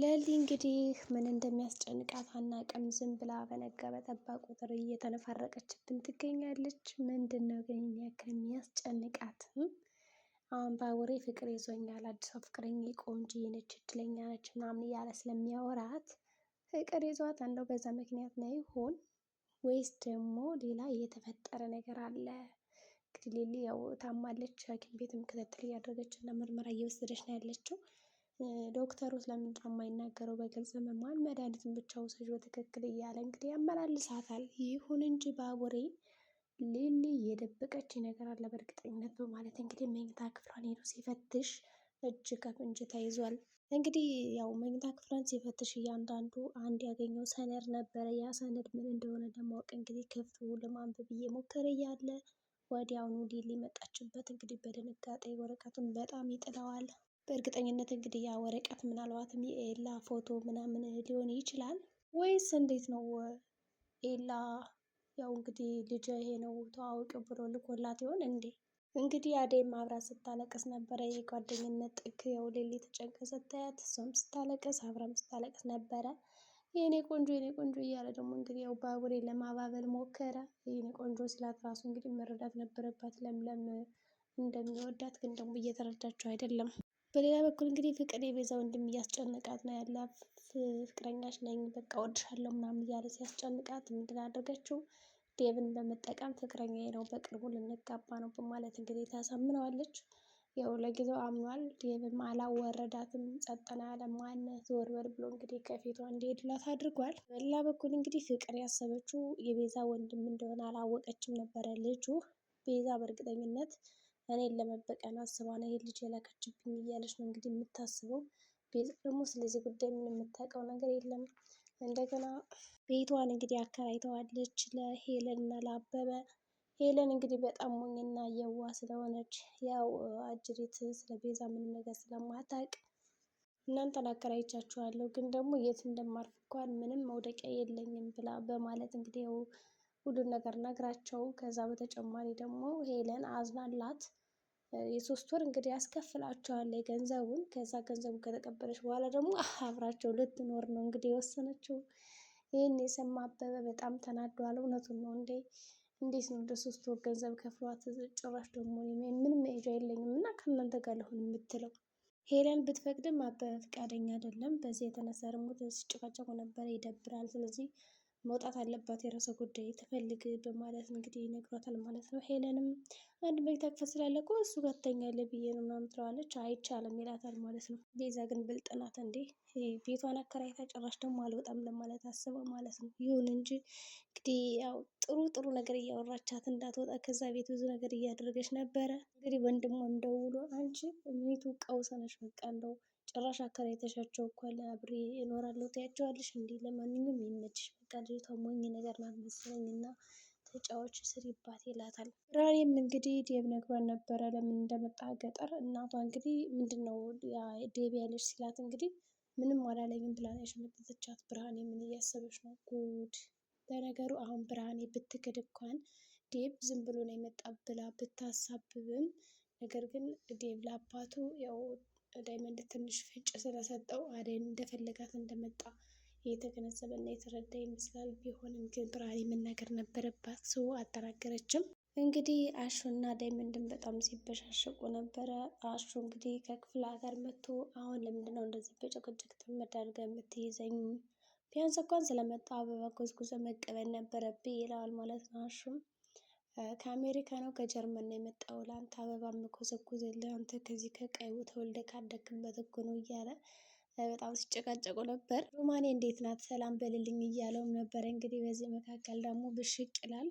ለሊ እንግዲህ ምን እንደሚያስጨንቃት አናውቅም። ዝም ብላ በነጋ በጠባ ቁጥር እየተነፋረቀችብን ትገኛለች። ምንድን ነው ግን ያክል የሚያስጨንቃት? አሁን ባቡሬ ፍቅር ይዞኛል፣ አዲሷ ፍቅረኛ ቆንጆ ነች፣ እድለኛ ነች ምናምን እያለ ስለሚያወራት ፍቅር ይዟት እንደው በዛ ምክንያት ነው ይሆን ወይስ ደግሞ ሌላ እየተፈጠረ ነገር አለ? እንግዲህ ሌሊ ያው ታማለች፣ ሐኪም ቤትም ክትትል እያደረገች እና ምርመራ እየወሰደች ነው ያለችው። ዶክተሩ ስለምንድነው የማይናገረው በግልጽ ህመሟን መድኃኒቱን ብቻ ውሰጅ በትክክል እያለ እንግዲህ ያመላልሳታል። ይሁን እንጂ ባቡሬ ሊሊ የደበቀች ነገር አለ በእርግጠኝነት በማለት እንግዲህ መኝታ ክፍሏን ሄዶ ሲፈትሽ እጅ ከፍንጅ ተይዟል። እንግዲህ ያው መኝታ ክፍሏን ሲፈትሽ እያንዳንዱ አንድ ያገኘው ሰነድ ነበረ። ያ ሰነድ ምን እንደሆነ ለማወቅ እንግዲህ ክፍሉ ለማንበብ እየሞከረ እያለ ወዲያውኑ ሊሊ መጣችበት። እንግዲህ በድንጋጤ ወረቀቱን በጣም ይጥለዋል። በእርግጠኝነት እንግዲህ ያ ወረቀት ምናልባትም የኤላ ፎቶ ምናምን ሊሆን ይችላል ወይስ እንዴት ነው? ኤላ ያው እንግዲህ ልጅ ይሄ ነው ተዋውቅ ብሎ ልኮላት ይሆን እንዴ? እንግዲህ አደይም አብራ ስታለቀስ ነበረ። የጓደኝነት ጥግ ያው ሌሊ ተጨንቀ ስታያት እሷም ስታለቀስ አብራም ስታለቀስ ነበረ። የእኔ ቆንጆ የኔ ቆንጆ እያለ ደግሞ እንግዲህ ያው ባቡሬ ለማባበል ሞከረ። የኔ ቆንጆ ሲላት ራሱ እንግዲህ መረዳት ነበረባት ለምለም እንደሚወዳት ግን ደግሞ እየተረዳችው አይደለም። በሌላ በኩል እንግዲህ ፍቅር የቤዛ ወንድም እያስጨነቃት ነው ያለ ፍቅረኛሽ ነኝ በቃ ወድሻለሁ ምናምን እያለ ሲያስጨንቃት ምንድን አደረገችው? ዴቭን በመጠቀም ፍቅረኛ ነው በቅርቡ ልንጋባ ነው በማለት እንግዲህ ታሳምነዋለች። ያው ለጊዜው አምኗል። ዴቭም አላወረዳትም። ጸጥና ያለማን ዞር በር ብሎ እንግዲህ ከፊቷ እንዲሄድላት አድርጓል። በሌላ በኩል እንግዲህ ፍቅር ያሰበችው የቤዛ ወንድም እንደሆነ አላወቀችም ነበረ ልጁ ቤዛ በእርግጠኝነት እኔን ለመበቀል አስባ ነው ይሄ ልጅ የላከችብኝ እያለች ነው እንግዲህ የምታስበው። ቤዛ ደግሞ ስለዚህ ጉዳይ ምን የምታውቀው ነገር የለም። እንደገና ቤቷን እንግዲህ አከራይተዋለች ለሄለን እና ለአበበ። ሄለን እንግዲህ በጣም ሞኝና የዋ ስለሆነች ያው አጅሪት ስለ ቤዛ ምንም ነገር ስለማታውቅ እናንተን አከራይቻችኋለሁ ግን ደግሞ የት እንደማርፍ እንኳን ምንም መውደቂያ የለኝም ብላ በማለት እንግዲህ ያው ሁሉን ነገር ነግራቸው ከዛ በተጨማሪ ደግሞ ሄለን አዝናላት የሶስት ወር እንግዲህ ያስከፍላቸዋል ገንዘቡን። ከዛ ገንዘቡ ከተቀበለች በኋላ ደግሞ አብራቸው ልትኖር ነው እንግዲህ የወሰነችው። ይህን የሰማ አበበ በጣም ተናዷል። እውነቱን ነው እንዴ! እንዴት ነው ለሶስት ወር ገንዘብ ከፍሏት ጭራሽ ደግሞ ምን መሄጃ የለኝም እና ከእናንተ ጋር ልሆን የምትለው ሄለን ብትፈቅድም አበበ ፈቃደኛ አይደለም። በዚህ የተነሳ ደግሞ ጭቃጭቁ ነበር፣ ይደብራል። ስለዚህ መውጣት አለባት የራሷ ጉዳይ ትፈልግ በማለት እንግዲህ ይነግሯታል ማለት ነው። ሄለንም አንድ መኝታ ክፍል ስላለ እኮ እሱ ጋር ትተኛለህ ብዬ ነው ምናምን ትለዋለች። አይቻልም ይላታል ማለት ነው። ቤዛ ግን ብልጥ ናት እንዴ ቤቷን አከራይታ ጭራሽ ደግሞ አልወጣም ለማለት አስበ ማለት ነው። ይሁን እንጂ እንግዲህ ያው ጥሩ ጥሩ ነገር እያወራቻት እንዳትወጣ ከዛ ቤት ብዙ ነገር እያደረገች ነበረ። እንግዲህ ወንድሟም ደውሎ አንቺ ቤቱ ቀውስ ነሽ በቃ እንደው ጭራሽ አከራይተሻቸው እኮ አብሬ እኖራለሁ ታያቸዋለሽ እንዴ? ለማንኛውም ይመችሽ፣ በቃ ልጅቷ ሞኝ ነገር ናት መሰለኝ እና ተጫዎች ስር ይባት ይላታል። ራኔም እንግዲህ ዴብ ነግሯን ነበረ ለምን እንደመጣ ገጠር። እናቷ እንግዲህ ምንድን ነው ዴብ ያለሽ ሲላት እንግዲህ ምንም አላለኝም ብላሽ መጠተቻት። ብርሃኔ ምን እያሰበች ነው? ጉድ ለነገሩ አሁን ብርሃኔ ብትክድ እንኳን ዴብ ዝም ብሎ ነው የመጣ ብላ ብታሳብብም ነገር ግን ዴብ ለአባቱ ያው ዳይመንድ ትንሽ ፍንጭ ስለሰጠው አደይን እንደፈለጋት እንደመጣ የተገነዘበ እና የተረዳ ይመስላል። ቢሆንም ግን ብርሃን መናገር ነበረባት። ሰው አጠራገረችም። እንግዲህ አሹ እና ዳይመንድን በጣም ሲበሻሸቁ ነበረ። አሹ እንግዲህ ከክፍለ ሀገር መጥቶ አሁን ለምንድነው እንደዚህ በጭቅጭቅ ተመዳርገ የምትይዘኝ? ቢያንስ እንኳን ስለመጣ አበባ ጎዝጉዘ መቀበል ነበረብህ ይለዋል ማለት ነው አሹም ከአሜሪካ ነው ከጀርመን ነው የመጣው ለአንተ አበባ የምኮሰኩስልህ አንተ ከዚህ ከቀዩ ተወልደ ካደግክበት እኮ ነው እያለ በጣም ሲጨቃጨቁ ነበር። ሮማኔ እንዴት ናት ሰላም በልልኝ እያለውም ነበር። እንግዲህ በዚህ መካከል ደግሞ ብሽቅ ይላል።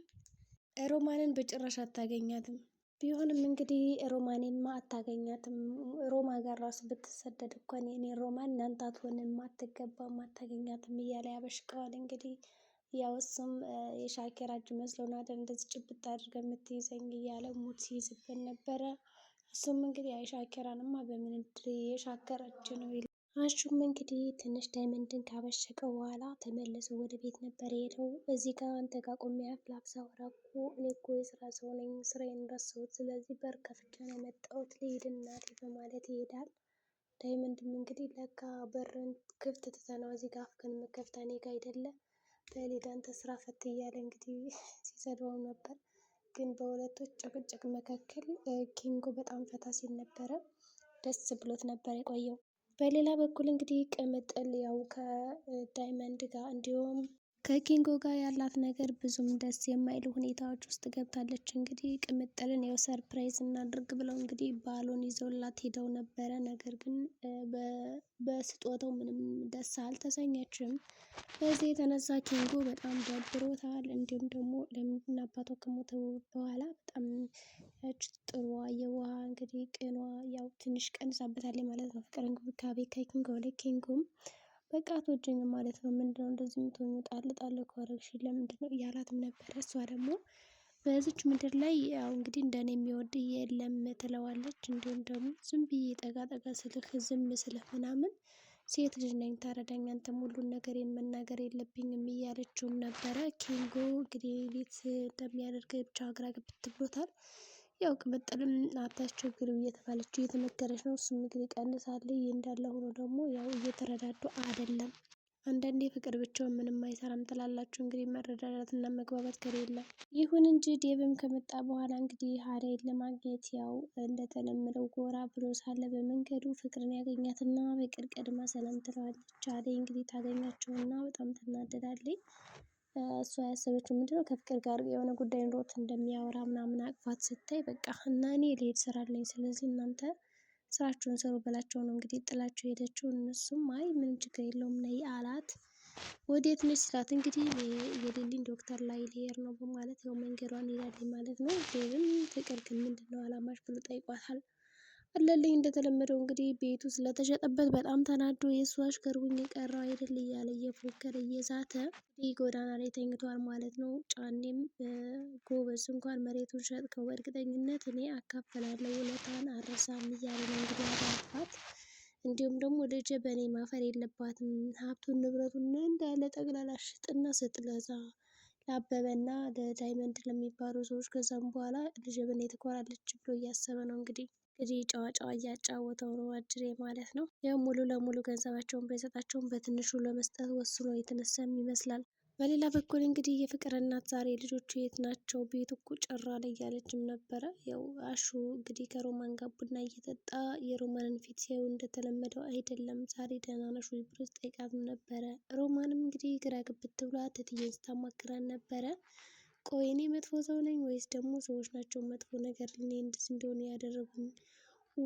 ሮማንን በጭራሽ አታገኛትም። ቢሆንም እንግዲህ ሮማኔማ አታገኛትም። ሮማ ጋር ራሱ ብትሰደድ እኮ እኔ ሮማን እናንተ አትሆንም፣ አትገባም፣ አታገኛትም እያለ ያበሽቀዋል እንግዲህ ያው እሱም የሻኪራ እጅ መስሎን አይደል እንደዚህ ጭብጥ አድርገ የምትይዘኝ እያለ ሙድ ሲይዝብን ነበረ። እሱም እንግዲህ የሻኪራንማ በምን የሻከረ የሻከረች ነው ይል አሹም እንግዲህ ትንሽ ዳይመንድን ካበሸቀ በኋላ ተመልሶ ወደ ቤት ነበር የሄደው። እዚህ ጋር አንተ ጋር ቆሜ አፍላክ ሳወራ እኮ እኔ እኮ የስራ ሰው ነኝ ስራዬን ረሳሁት፣ ስለዚህ በር ከፍቼ ነው የመጣሁት ልሂድ እናቴ በማለት ይሄዳል። ዳይመንድም እንግዲህ ለካ በርን ክፍት ትተነው እዚህ ጋር አፍክን መከፍታ እኔ ጋ አይደለም ከሌላ ተስራ ፈት እያለ እንግዲህ ሲሰድበው ነበር። ግን በሁለቶች ጭቅጭቅ መካከል ኪንጎ በጣም ፈታ ሲል ነበረ። ደስ ብሎት ነበር የቆየው። በሌላ በኩል እንግዲህ ቅምጥል ያው ከዳይመንድ ጋር እንዲሁም ከኪንጎ ጋር ያላት ነገር ብዙም ደስ የማይል ሁኔታዎች ውስጥ ገብታለች። እንግዲህ ቅምጥልን ያው ሰርፕራይዝ እናድርግ ብለው እንግዲህ ባሎን ይዘውላት ሄደው ነበረ። ነገር ግን በስጦታው ምንም ደስ አልተሰኘችም። በዚህ የተነሳ ኪንጎ በጣም ደብሮታል። እንዲሁም ደግሞ ለምንድን አባቷ ከሞተ በኋላ በጣም እች ጥሯ የውሃ እንግዲህ ቅኗ ያው ትንሽ ቀንሳበታለች ማለት ነው። ፍቅር እንክብካቤ ከኪንጎ ላይ ኪንጎም በቃ አትወጂኝም ማለት ነው። ምንድነው እንደዚህ የምትሆኚው? ጣል ጣል ካረግሽኝ ነው እያላትም ነበረ። እሷ ደግሞ በዚች ምድር ላይ ያው እንግዲህ እንደኔ የሚወድ የለም ትለዋለች። እንዲሁም ደግሞ ዝም ብዬ ጠጋ ጠጋ ስልህ ዝም ስልህ ምናምን ሴት ልጅ ነኝ ታረዳኝ፣ አንተም ሁሉን ነገር መናገር የለብኝም እያለችውም ነበረ። ኪንጎ እንግዲህ ቤት እንደሚያደርግ ብቻ ግራ ገብቶታል። ያው ቅምጥልም አታስቸግርም እየተባለችው እየተመከረች ነው። እሱም ምግብ ይቀንሳል። ይህ እንዳለ ሆኖ ደግሞ ያው እየተረዳዱ አይደለም። አንዳንዴ ፍቅር ብቻውን ምንም አይሰራም ትላላችሁ እንግዲህ መረዳዳት እና መግባባት ከሌለ። ይሁን እንጂ ዴብም ከመጣ በኋላ እንግዲህ ሀሬን ለማግኘት ያው እንደተለመደው ጎራ ብሎ ሳለ በመንገዱ ፍቅርን ያገኛትና ፍቅር ቀድማ ሰላም ትለዋለች። ሀሬ እንግዲህ ታገኛቸውና በጣም ትናደዳለች። እሷ ያሰበችው ምንድነው ከፍቅር ጋር የሆነ ጉዳይ ኑሮት እንደሚያወራ ምናምን አቅፋት ስታይ በቃ እና እኔ ልሄድ ስራ አለኝ፣ ስለዚህ እናንተ ስራችሁን ስሩ ብላቸው ነው እንግዲህ ጥላቸው ሄደችው። እነሱም አይ ምንም ችግር የለውም ነይ አላት። ወዴት ነች ስላት እንግዲህ የሌሊን ዶክተር ላይ ልሄድ ነው በማለት ያው መንገዷን ይሄዳል ማለት ነው። ዴብም ፍቅር ግን ምንድን ነው አላማሽ ብሎ ጠይቋታል። አለልኝ እንደተለመደው እንግዲህ ቤቱ ስለተሸጠበት በጣም ተናዶ የእሱ አሽከር ሁኝ ቀረው አይደል እያለ እየፎከረ እየዛተ ይህ ጎዳና ላይ ተኝቷል ማለት ነው። ጫኔም ጎበዝ እንኳን መሬቱን ሸጥከው በእርግጠኝነት እኔ አካፈላለሁ ውለታን አረሳም እያለ ነው እንግዲህ አዳፋት። እንዲሁም ደግሞ ልጄ በእኔ ማፈር የለባትም ሀብቱን ንብረቱን እንዳለ ጠቅላላ ሽጥና ስጥለዛ ለዛ ለአበበ እና ለዳይመንድ ለሚባሉ ሰዎች ከዛም በኋላ ልጅ በእኔ ትኮራለች ብሎ እያሰበ ነው እንግዲህ እንግዲህ ጨዋ ጨዋ እያጫወተው ነው አጅሬ ማለት ነው። ያው ሙሉ ለሙሉ ገንዘባቸውን ባይሰጣቸውም በትንሹ ለመስጠት ወስኖ የተነሳም ይመስላል። በሌላ በኩል እንግዲህ የፍቅር እናት ዛሬ ልጆቹ የት ናቸው? ቤት እኮ ጭራ ላይ እያለችም ነበረ። ያው አሹ እንግዲህ ከሮማን ጋር ቡና እየጠጣ የሮማንን ፊት ሲያዩ እንደተለመደው አይደለም። ዛሬ ደህና ነሽ ወይ ብሎ ሲጠይቃትም ነበረ። ሮማንም እንግዲህ ግራ ግብት ብሏት እትዬን ስታማክራን ነበረ። ቆይ እኔ መጥፎ ሰው ነኝ ወይስ ደግሞ ሰዎች ናቸው መጥፎ ነገር ልኔ እንደዚህ እንደሆነ ያደረጉኝ?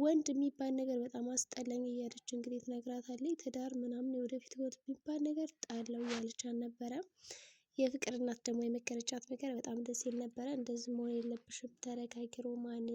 ወንድ የሚባል ነገር በጣም አስጠላኝ እያለች እንግዲህ ትነግራታለች። ትዳር ምናምን የወደፊት ህይወት የሚባል ነገር ጣለው እያለች ነበረ። የፍቅር እናት ደግሞ የመከረቻት ነገር በጣም ደስ ይል ነበረ። እንደዚህ መሆን የለብሽም ተረጋጊ ሮማን፣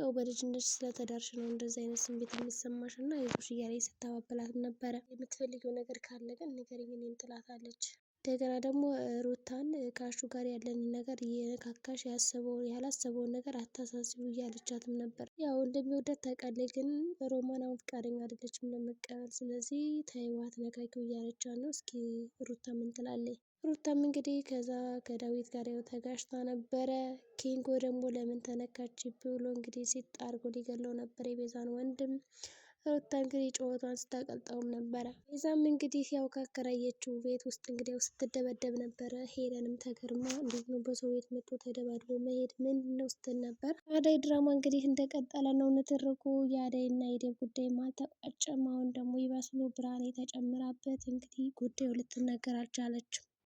ያው በልጅነት ስለተዳርሽ ነው እንደዚህ አይነት ስሜት የሚሰማሽ እና ይዞሽ እያለች ስታባበላት ነበረ። የምትፈልጊው ነገር ካለ ግን ንገሪኝ እኔን ትላታለች። እንደገና ደግሞ ሩታን ከአሹ ጋር ያለን ነገር እየነካካሽ ያሰበውን ያላሰበውን ነገር አታሳስቡ እያለቻትም ነበር። ያው እንደሚወዳት ታውቃለች፣ ግን ሮማን አሁን ፈቃደኛ አይደለችም ለመቀበል። ስለዚህ ተይዋት ነካኪው እያለቻት ነው። እስኪ ሩታ ምን ትላለች? ሩታም እንግዲህ ከዛ ከዳዊት ጋር ያው ተጋጭታ ነበረ። ኪንጎ ደግሞ ለምን ተነካች ብሎ እንግዲህ ሲጣርጎ ሊገለው ነበር የቤዛን ወንድም ሩታ እንግዲህ ጩኸቷን ስታቀልጠውም ነበረ። ቤዛም እንግዲህ ያው ካከራየችው ቤት ውስጥ እንግዲህ ያው ስትደበደብ ነበረ። ሄለንም ተገርማ እንዴት ነው በሰው ቤት መጥቶ ተደባድቦ መሄድ ምንድን ነው ስትል ነበር። አዳይ ድራማ እንግዲህ እንደቀጠለ ነው። ንትርኩ የአደይና የዴብ ጉዳይ አልተቋጨም። አሁን ደግሞ ይበስሉ ብርሃን የተጨምራበት እንግዲህ ጉዳዩ ልትነገር አልቻለችም።